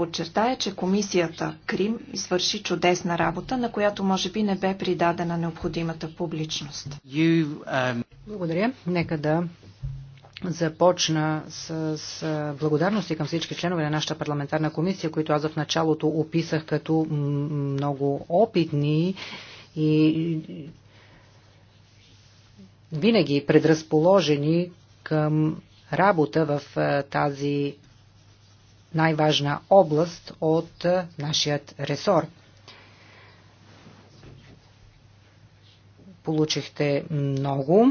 подчертая, че комисията Крим извърши чудесна работа, на която може би не бе придадена необходимата публичност. You, um... Благодаря. Нека да започна с, с благодарности към всички членове на нашата парламентарна комисия, които аз в началото описах като много опитни и винаги предразположени към работа в тази най-важна област от е, нашият ресор. Получихте много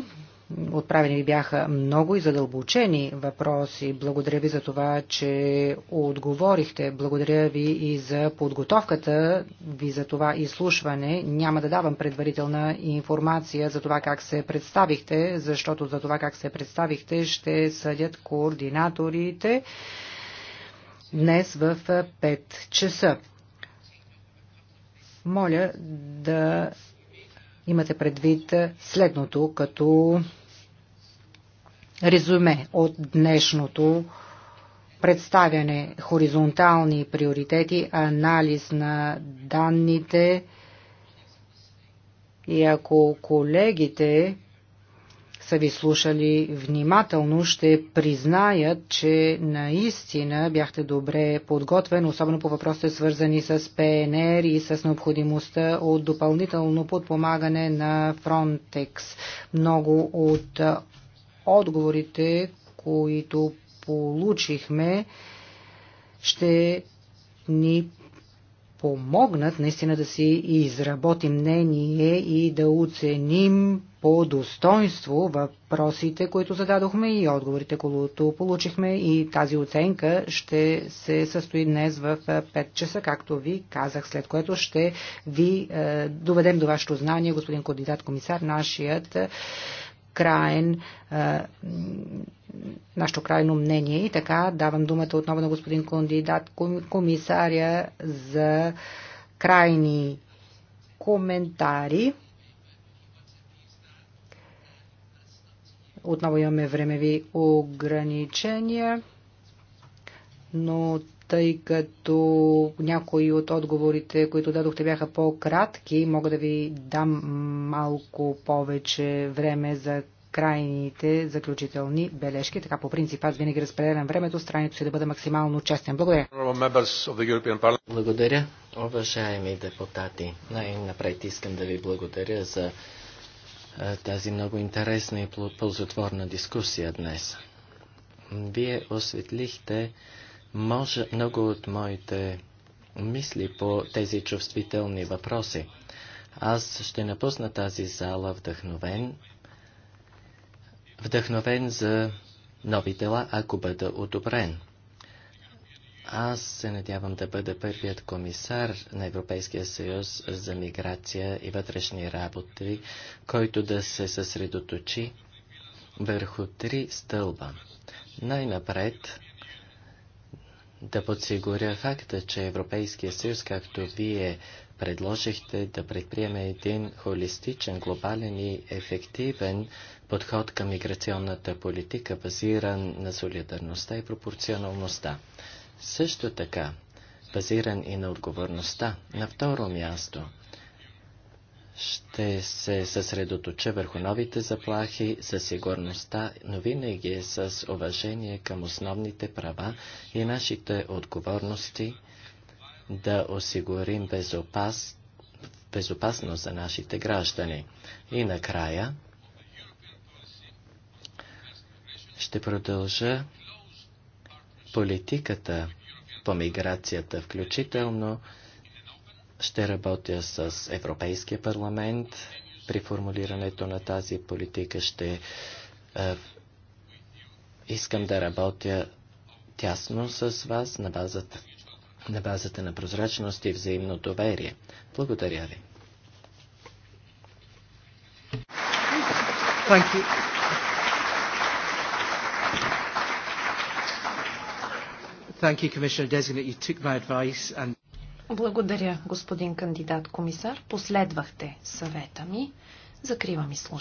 Отправени ви бяха много и задълбочени въпроси. Благодаря ви за това, че отговорихте. Благодаря ви и за подготовката ви за това изслушване. Няма да давам предварителна информация за това как се представихте, защото за това как се представихте ще съдят координаторите днес в 5 часа. Моля да имате предвид следното като резюме от днешното представяне, хоризонтални приоритети, анализ на данните и ако колегите са ви слушали внимателно, ще признаят, че наистина бяхте добре подготвен, особено по въпросите свързани с ПНР и с необходимостта от допълнително подпомагане на Frontex. Много от отговорите, които получихме, ще ни помогнат наистина да си изработим мнение и да оценим по достоинство въпросите, които зададохме и отговорите, които получихме и тази оценка ще се състои днес в 5 е, часа, както ви казах, след което ще ви е, доведем до вашето знание, господин кандидат комисар, нашият е, краен, нашето крайно мнение. И така давам думата отново на господин кандидат комисаря за крайни коментари. Отново имаме времеви ограничения но тъй като някои от отговорите, които дадохте, бяха по-кратки, мога да ви дам малко повече време за крайните заключителни бележки. Така по принцип аз винаги разпределям времето, страните си да бъда максимално честен. Благодаря. Благодаря, уважаеми депутати. Най-напред искам да ви благодаря за тази много интересна и ползотворна дискусия днес. Вие осветлихте може много от моите мисли по тези чувствителни въпроси. Аз ще напусна тази зала вдъхновен, вдъхновен за нови дела, ако бъда одобрен. Аз се надявам да бъда първият комисар на Европейския съюз за миграция и вътрешни работи, който да се съсредоточи върху три стълба. Най-напред да подсигуря факта, че Европейския съюз, както вие предложихте, да предприеме един холистичен, глобален и ефективен подход към миграционната политика, базиран на солидарността и пропорционалността. Също така, базиран и на отговорността. На второ място, ще се съсредоточа върху новите заплахи, със сигурността, но винаги е с уважение към основните права и нашите отговорности да осигурим безопас, безопасност за нашите граждани. И накрая ще продължа политиката по миграцията, включително ще работя с Европейския парламент. При формулирането на тази политика ще е, искам да работя тясно с вас на базата, на базата на прозрачност и взаимно доверие. Благодаря ви. Thank you. Thank you, Commissioner Designate. You took my advice and благодаря, господин кандидат комисар. Последвахте съвета ми. Закривам слушам.